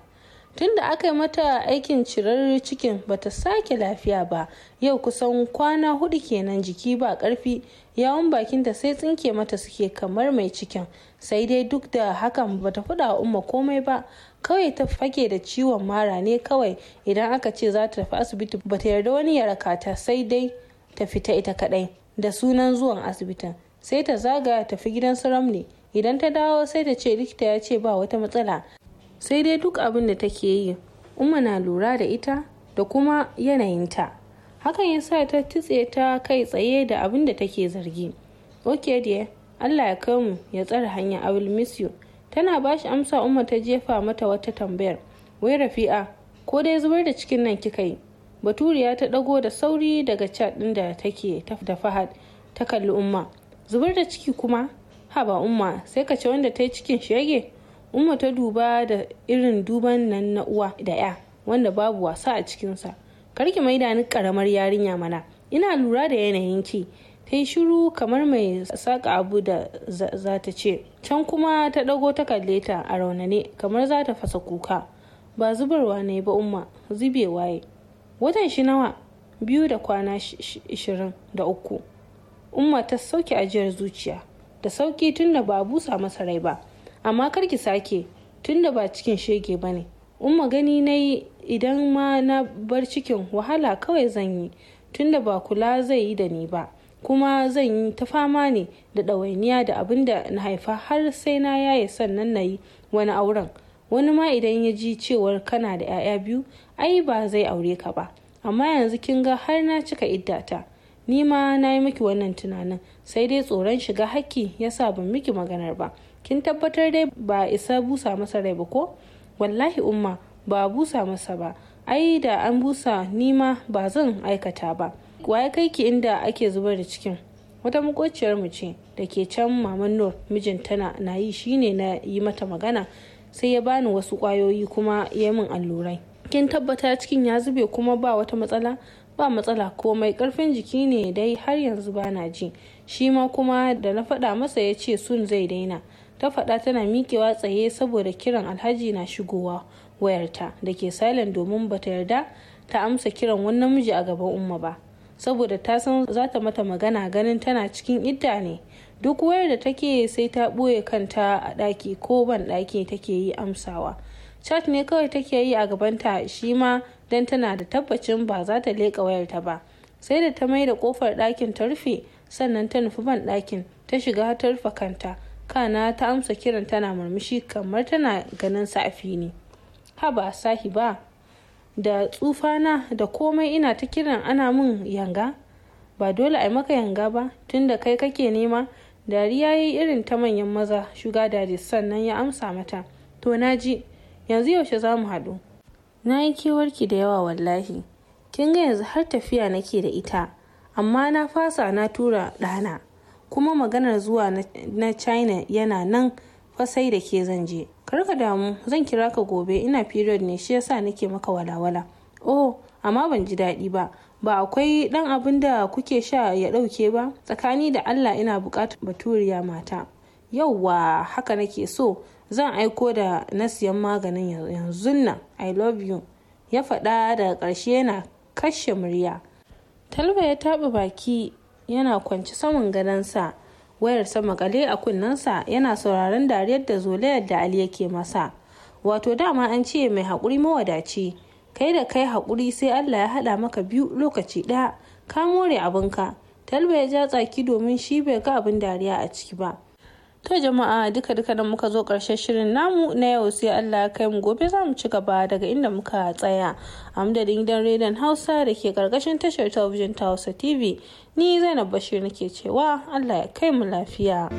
tun da aka yi mata aikin cirar cikin bata sake lafiya ba yau kusan kwana hudu kenan jiki ba ƙarfi. yawon bakinta sai tsinke mata suke kamar mai cikin sai dai duk da hakan bata fuda umma komai ba kawai ta fage da ciwon mara ne kawai idan aka ce za ta tafi asibiti bata yarda wani ya rakata sai dai ta fita ita kadai da sunan zuwan asibitin sai ta zagaya tafi gidan su ramne idan ta dawo sai ta ce likita ya ce ba wata matsala sai dai duk abin da take yi umma na lura da ita da kuma yanayinta hakan ya sa ta titse ta kai tsaye da abin da take zargi ok dear allah ya kai mu ya tsare hanya i will miss you tana ba shi amsa umma ta jefa mata wata tambayar wai rafi'a ko dai zubar da cikin nan kika yi baturiya ta dago da sauri daga cat din da take da fahad ta kalli umma zubar da ciki kuma haba umma sai ka ce wanda ta yi cikin shege umma ta duba da irin duban nan na uwa da ya wanda babu wasa a cikinsa karki mai da ni karamar yarinya mana ina lura da yanayin ki ta yi shiru kamar mai saka abu da za ta ce can kuma ta ɗago ta kalle ta a raunane kamar za ta fasa kuka ba zubarwa ne ba umma zube waye watan shi nawa biyu da kwana ishirin da uku umma ta sauke ajiyar zuciya da sauki tunda ba a busa masa rai ba amma karki sake tunda ba cikin shege ba ne umma gani na yi idan ma na bar cikin wahala kawai zan yi tunda ba kula zai yi da ni ba kuma zan yi ta fama ne da ɗawainiya da abin da na haifa har sai na yaye sannan na yi wani auren wani ma idan ya ji cewar kana da 'ya'ya biyu ai ba zai aure ka ba amma yanzu kin ga har na cika iddata ni ma na yi miki wannan tunanin sai dai tsoron shiga hakki ya sa ban miki maganar ba kin tabbatar dai ba isa busa masa rai ba ko wallahi umma ba a busa masa ba ai da an busa nima ba zan aikata ba waye kai ki inda ake zubar da cikin wata makociyar mu ce da ke can maman nur mijin tana na yi shine na yi mata magana sai ya bani wasu kwayoyi kuma ya min allurai kin tabbata cikin ya zube kuma ba wata matsala ba matsala komai karfin jiki ne dai har yanzu bana ji shi ma kuma da na faɗa masa ya ce sun zai daina ta faɗa tana miƙewa tsaye saboda kiran alhaji na shigowa wayarta da ke silent domin bata yarda ta amsa kiran wani namiji a gaban umma ba saboda ta san za ta mata magana ganin tana cikin idda ne duk wayar da take sai ta ɓoye kanta a ɗaki ko ban ɗaki take yi amsawa chat ne kawai take yi a gabanta shi ma don tana da tabbacin ba za ta leƙa wayarta ba sai da ta mai da ƙofar ɗakin ta rufe sannan ta nufi ban ɗakin ta shiga ta rufe kanta kana ta amsa kiran tana murmushi kamar tana ganin sa a fili haba ba da tsufana da komai ina ta kiran ana min yanga ba dole a maka yanga ba tunda kai kake nema dariya yi irin ta manyan maza shuga dadi sannan ya amsa mata to na ji yanzu yaushe za mu haɗu na yi kewarki da yawa wallahi kin ga yanzu har tafiya nake da ita amma na fasa na tura ɗana kuma maganar zuwa na china yana nan fasai da ke zan je karka damu zan kira ka gobe ina period ne shi yasa nake maka walawala oh amma ban ji daɗi ba ba akwai ɗan abin da kuke sha ya ɗauke ba tsakani da allah ina buƙatar baturiya mata yauwa haka nake so zan aiko da na siyan maganin yanzun nan i love you ya faɗa daga ƙarshe yana kashe murya talba ya taɓa baki yana kwanci saman gadonsa wayar sama kale a kunnensa yana sauraron dariyar da zolayar da ali yake masa wato dama an ce mai haƙuri mawadaci kai da kai haƙuri sai allah ya haɗa maka biyu lokaci ɗaya ka more abinka talba ya ja tsaki domin shi bai ga abin dariya a ciki ba To jama'a duka duka da muka zo ƙarshen shirin namu na yau sai Allah kai mu gobe za mu ci gaba daga inda muka tsaya. A madadin gidan rediyon Hausa da ke karkashin tashar talabijin ta Hausa TV ni Zainab Bashir nake cewa Allah ya kai mu lafiya.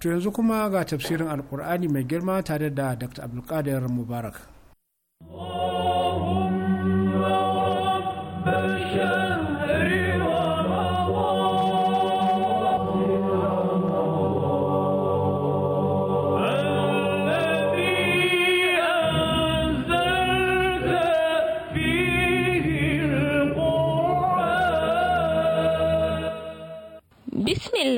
To yanzu kuma ga tafsirin Alkur'ani mai girma tare da Dr. Abdulkadir Mubarak. Oh.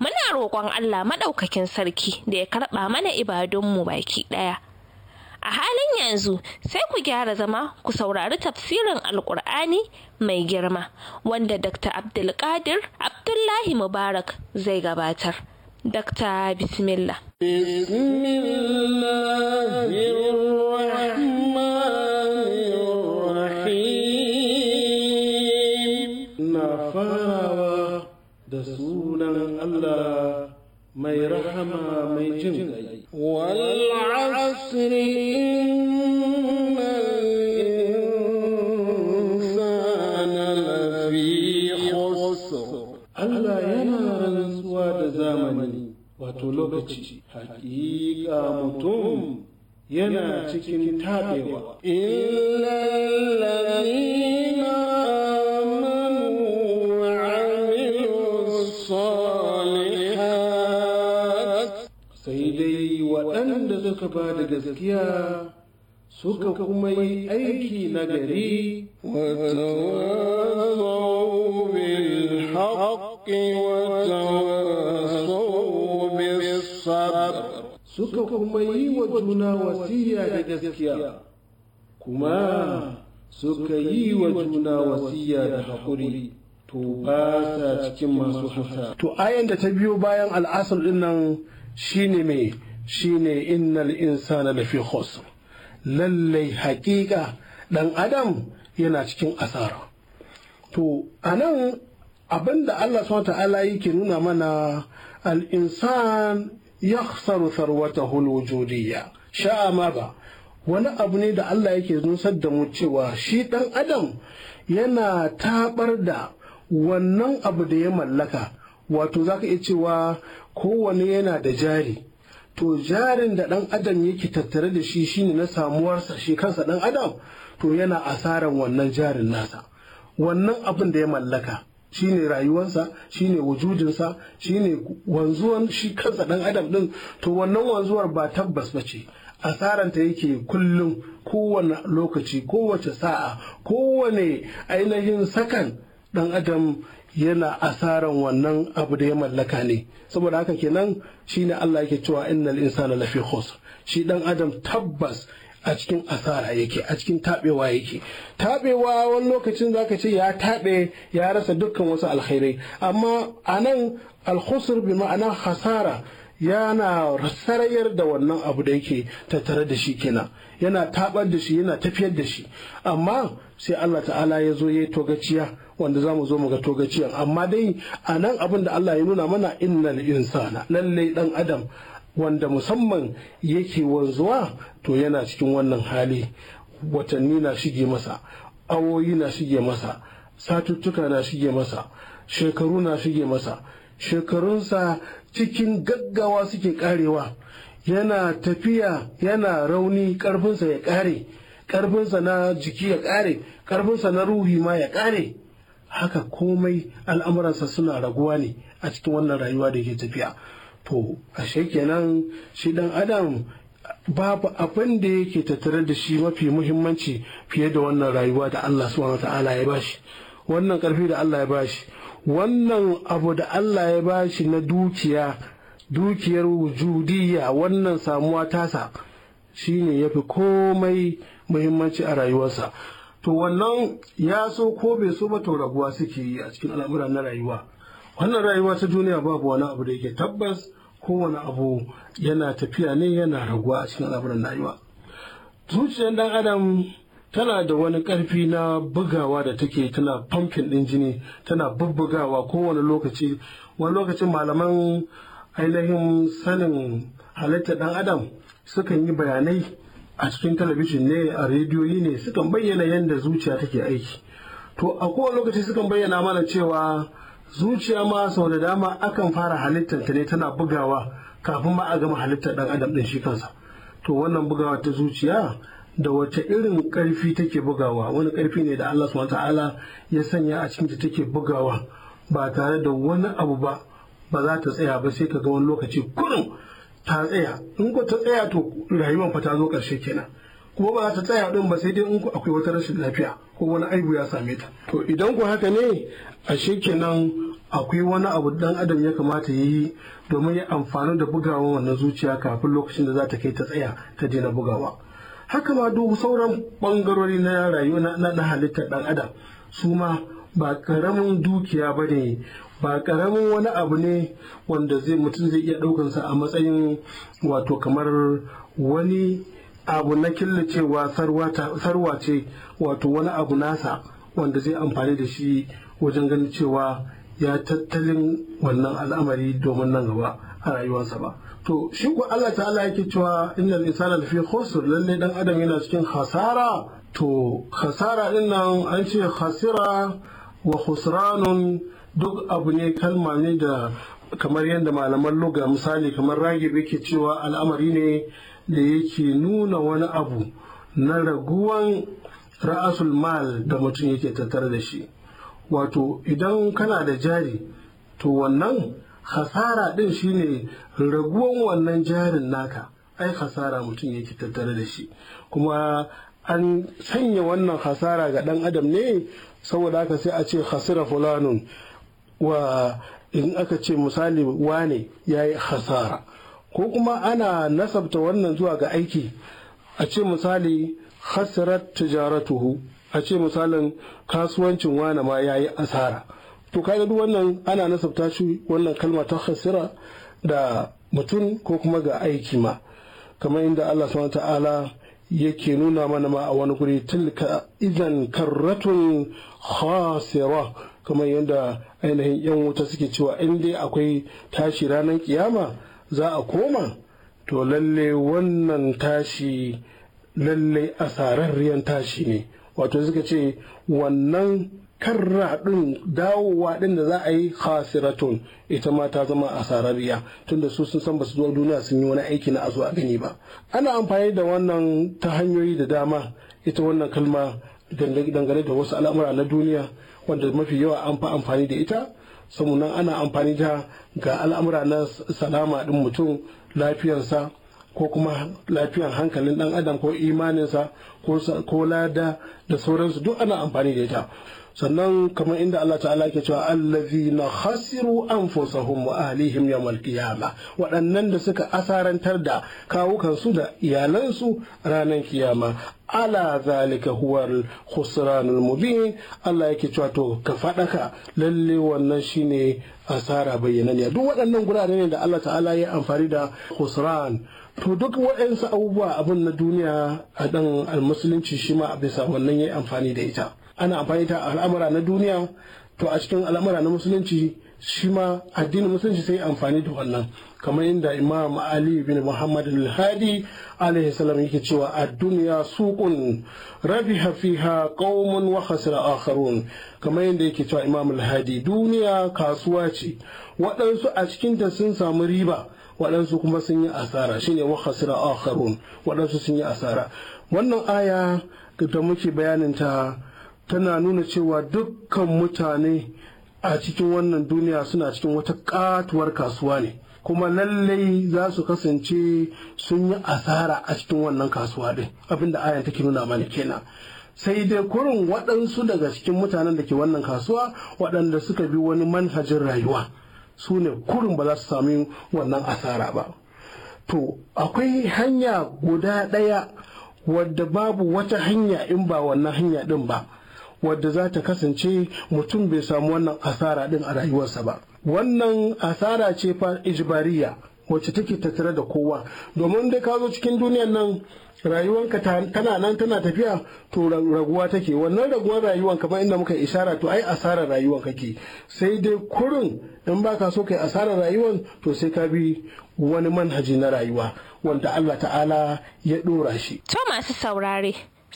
muna roƙon Allah maɗaukakin sarki da ya karɓa mana ibadunmu baki ɗaya. A halin yanzu sai ku gyara zama ku saurari tafsirin Alƙur'ani mai girma wanda Dr. Abdulkadir Abdullahi Mubarak zai gabatar. Dr. Bismillah. sunan Allah mai rahama mai jin ƙai. Allah yana rantsuwa da zamani wato lokaci hakika mutum yana cikin tabewa. Illa lalina sai dai waɗanda suka ba da gaskiya suka kuma yi aiki na gari suka kuma yi wa juna wasiya da gaskiya kuma suka yi wa juna wasiya da haƙuri to ba sa cikin masu hasa to ayan da ta biyo bayan al'asar ɗin nan Shi ne mai shine innal insana fi khusr lallai hakika dan adam yana cikin asara to anan abinda Allah subhanahu ta'ala yake nuna mana al-insan yakhsar tharwatahu al-wujudiyya sha'a ma ba wani abu ne da Allah yake nusar da mu cewa shi dan adam yana tabar da wannan abu da ya mallaka wato zaka iya cewa kowane yana da jari to jarin da ɗan adam yake tattare da shi shine na samuwarsa shi kansa ɗan adam to yana asaran wannan jarin nasa wannan abin da ya mallaka shine rayuwarsa shine wujudinsa shine wanzuwan shi kansa ɗan adam ɗin to wannan wanzuwar ba tabbas ba ce asaranta yake kullum kowane lokaci kowace sa'a kowane ainihin sakan ɗan adam yana asaran wannan abu da ya mallaka ne saboda haka kenan shine Allah yake cewa innal insana lafi khusr shi dan adam tabbas a cikin asara yake a cikin tabewa yake tabewa wani lokacin zaka ce ya tabe ya rasa dukkan wasu alkhairai amma anan alkhusr bi ma'ana hasara yana sarayar da wannan abu da yake tattare da shi kenan yana tabar da shi yana tafiyar da shi amma sai Allah ta'ala ya zo ya yi togaciya wanda za mu zo mu ga togaciyan amma dai a nan abin da Allah ya nuna mana innal insana lallai dan adam wanda musamman yake wanzuwa to yana cikin wannan hali watanni na shige masa awoyi na shige masa satuttuka na shige masa shekaru na shige masa shekarunsa cikin gaggawa suke karewa yana tafiya yana rauni ƙarfinsa ya ƙare ƙarfinsa na jiki ya ƙare ƙarfinsa na ruhi ma ya ƙare haka komai al'amuransa suna raguwa ne a cikin wannan rayuwa da ke tafiya to ashe kenan shi dan adam babu abin da yake tattare da shi mafi muhimmanci fiye da wannan rayuwa da Allah subhanahu ta'ala ya bashi wannan karfi da Allah ya bashi wannan abu da Allah ya bashi na dukiya dukiyar wujudiyya wannan samuwa tasa ne ya fi komai muhimmanci a rayuwarsa to wannan ya so ko bai so ba to suke yi a cikin al'amura na rayuwa wannan rayuwa ta duniya babu wani abu da yake tabbas kowane abu yana tafiya ne yana raguwa a cikin al'amura na rayuwa zuciyar dan adam tana da wani karfi na bugawa da take tana famfin ɗin jini tana bubbugawa kowane lokaci wani lokacin malaman ainihin sanin halittar ɗan adam sukan yi bayanai a cikin talabijin ne a rediyoyi ne sukan bayyana yadda zuciya take aiki to a kowane lokaci sukan bayyana mana cewa zuciya ma sau da dama akan fara halittar ta ne tana bugawa kafin ma a gama halittar ɗan adam ɗin shi kansa to wannan bugawa ta zuciya da wace irin ƙarfi take bugawa wani ƙarfi ne da Allah subhanahu ta'ala ya sanya a cikin ta take bugawa ba tare da wani abu ba ba za ta tsaya ba sai ka ga wani lokaci kurun ta tsaya in ko ta tsaya to rayuwar fa ta zo karshe kenan kuma ba za ta tsaya din ba sai dai in ku akwai wata rashin lafiya ko wani aibu ya same ta to idan ku haka ne a kenan akwai wani abu dan adam ya kamata ya yi domin ya amfani da bugawa wannan zuciya kafin lokacin da za ta kai ta tsaya ta daina bugawa haka ma duk sauran bangarori na rayuwa na halittar dan adam su ma ba karamin dukiya ba ne ba karamin wani abu ne wanda zai mutum zai iya ɗaukansa a matsayin wato kamar wani abu na killacewa sarwa ce wato wani abu nasa wanda zai amfani da shi wajen ganin cewa ya tattalin wannan al'amari domin nan gaba a rayuwarsa ba to shi ko Allah ta'ala yake cewa innal insana fi khusr lalle dan adam yana cikin hasara to hasara din nan an ce hasira wa khusranun duk abu ne kalma ne da kamar yadda malaman luga misali kamar ragi yake cewa al'amari ne da yake nuna wani abu na raguwan ra'asul mal da mutum yake tattare da shi wato idan kana da jari to wannan hasara din shine raguwan wannan jarin naka ai hasara mutum yake tattare da shi kuma an sanya wannan hasara ga dan adam ne saboda haka sai a ce hasira fulanun wa in aka ce misali wane ya yi hasara ko kuma ana nasabta wannan zuwa ga aiki a ce misali hasarar tijaratuhu a ce misalin kasuwancin wane ma ya yi asara to kaga duk wannan ana nasabta shi wannan kalma ta hasira da mutum ko kuma ga aiki ma kamar inda Allah subhanahu ta'ala yake nuna mana ma a wani guri tilka idan karratun khasira kamar yadda ainihin yan wuta suke cewa in dai akwai tashi ranar kiyama za a koma to lalle wannan tashi lalle asararriyar tashi ne wato suka ce wannan karra ɗin dawowa ɗin da za a yi khasiratun ita ma ta zama asararriya. tunda su sun san ba su zuwa duniya sun yi wani aiki na azo a gani ba ana amfani da wannan ta hanyoyi da dama ita wannan kalma dangane da wasu al'amura na duniya wanda mafi yawa an fi amfani da ita nan ana amfani da ga al'amura na salama din mutum lafiyarsa ko kuma lafiyar hankalin ɗan adam ko imaninsa ko lada da sauransu duk ana amfani da ita sannan kamar inda Allah ta'ala ke cewa allazina hasiru an wa ahlihim ya qiyama waɗannan da suka asarantar da kawukansu da iyalansu ranar kiyama ala zalika huwal khusranul mubin Allah yake cewa to ka faɗaka lalle wannan shine asara ne duk waɗannan gurare ne da Allah ta'ala ya amfani da khusran to duk waɗansu abubuwa abin na duniya a ɗan almusulunci shi ma bisa wannan ya amfani da ita ana amfani da al'amura na duniya to a cikin al'amura na musulunci shi ma addinin musulunci sai amfani da wannan kamar inda imam ali bin muhammad al-hadi alaihi salam yake cewa a duniya suqun rabiha fiha qaumun wa khasira akharun kamar inda yake cewa imam al duniya kasuwa ce waɗansu a cikinta sun samu riba waɗansu kuma sun yi asara shine wa khasira akharun waɗansu sun yi asara wannan aya da muke bayanin ta tana nuna cewa dukkan mutane a cikin wannan duniya suna cikin wata katuwar kasuwa ne kuma lallai za su kasance sun yi asara a cikin wannan kasuwa din abinda ayan take nuna mana kenan sai dai kurin waɗansu daga cikin mutanen da ke wannan kasuwa waɗanda suka bi wani manhajin rayuwa su ne kurin ba za su sami wannan asara ba to akwai hanya guda ɗaya wadda babu wata hanya in ba wannan hanya ɗin ba wadda za ta kasance mutum bai samu wannan asara din a rayuwarsa ba wannan asara ce fa ijibariya wacce take tattare da kowa domin dai ka zo cikin duniyan nan rayuwanka tana nan tana tafiya to raguwa take wannan raguwar rayuwan kamar inda muka isara to ai asarar rayuwan kake sai dai kurin in baka so kai asarar rayuwan to sai ka bi wani manhaji na rayuwa wanda Allah ta'ala ya dora shi to masu saurare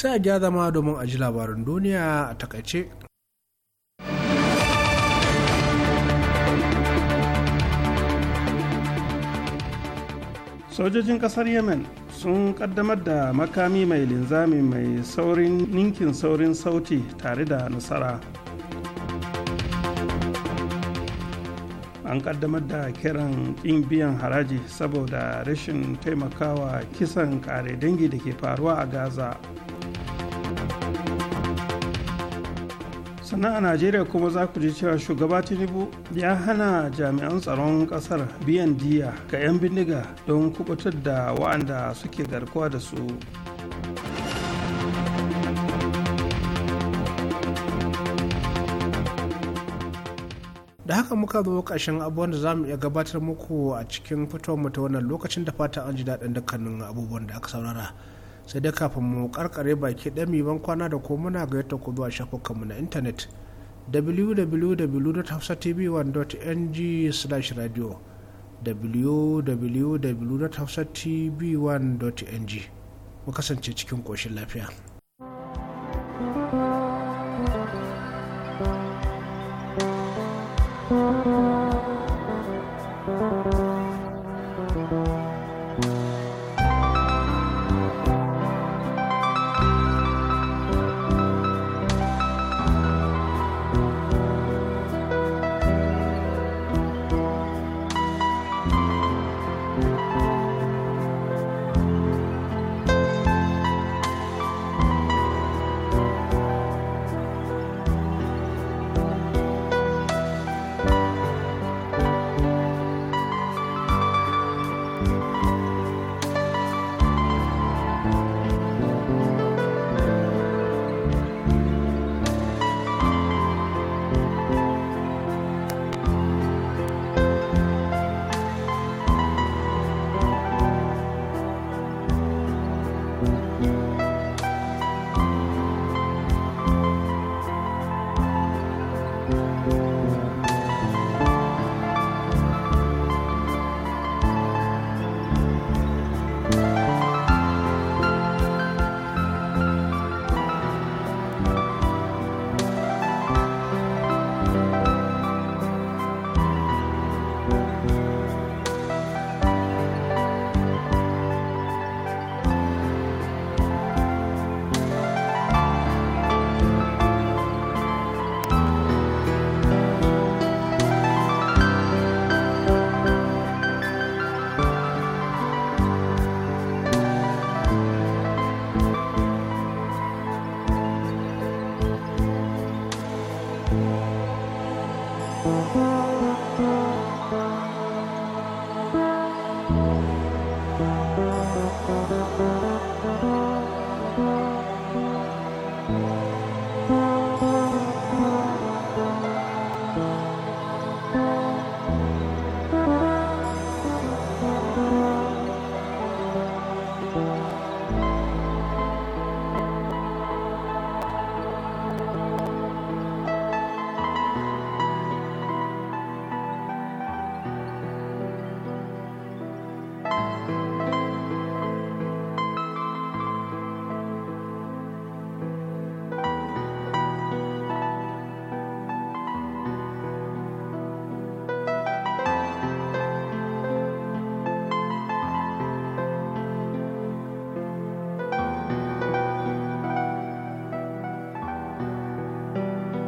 sai a gya zama domin a ji labarin duniya a takaice. sojojin kasar yemen sun kaddamar da makami mai linzami mai saurin ninkin saurin sauti tare da nasara an kaddamar da kiran ɗin biyan haraji saboda rashin taimakawa kisan kare dangi da ke faruwa a gaza sannan a najeriya kuma za ku ji cewa shugaba tinubu ya hana jami'an tsaron kasar biyan diya ga 'yan bindiga don kubutar da wa'anda suke garkuwa da su da haka muka zo ƙarshen abubuwan da za mu iya gabatar muku a cikin fitowar mu ta wannan lokacin da fata an ji daɗin dukkanin abubuwan da aka saurara sai dai kafin mu karkare baki ɗami ban kwana da ko muna gayyata ku zuwa shafukanmu na intanet www.hafsatv1.ng/radio www.hafsatv1.ng mu kasance cikin koshin lafiya.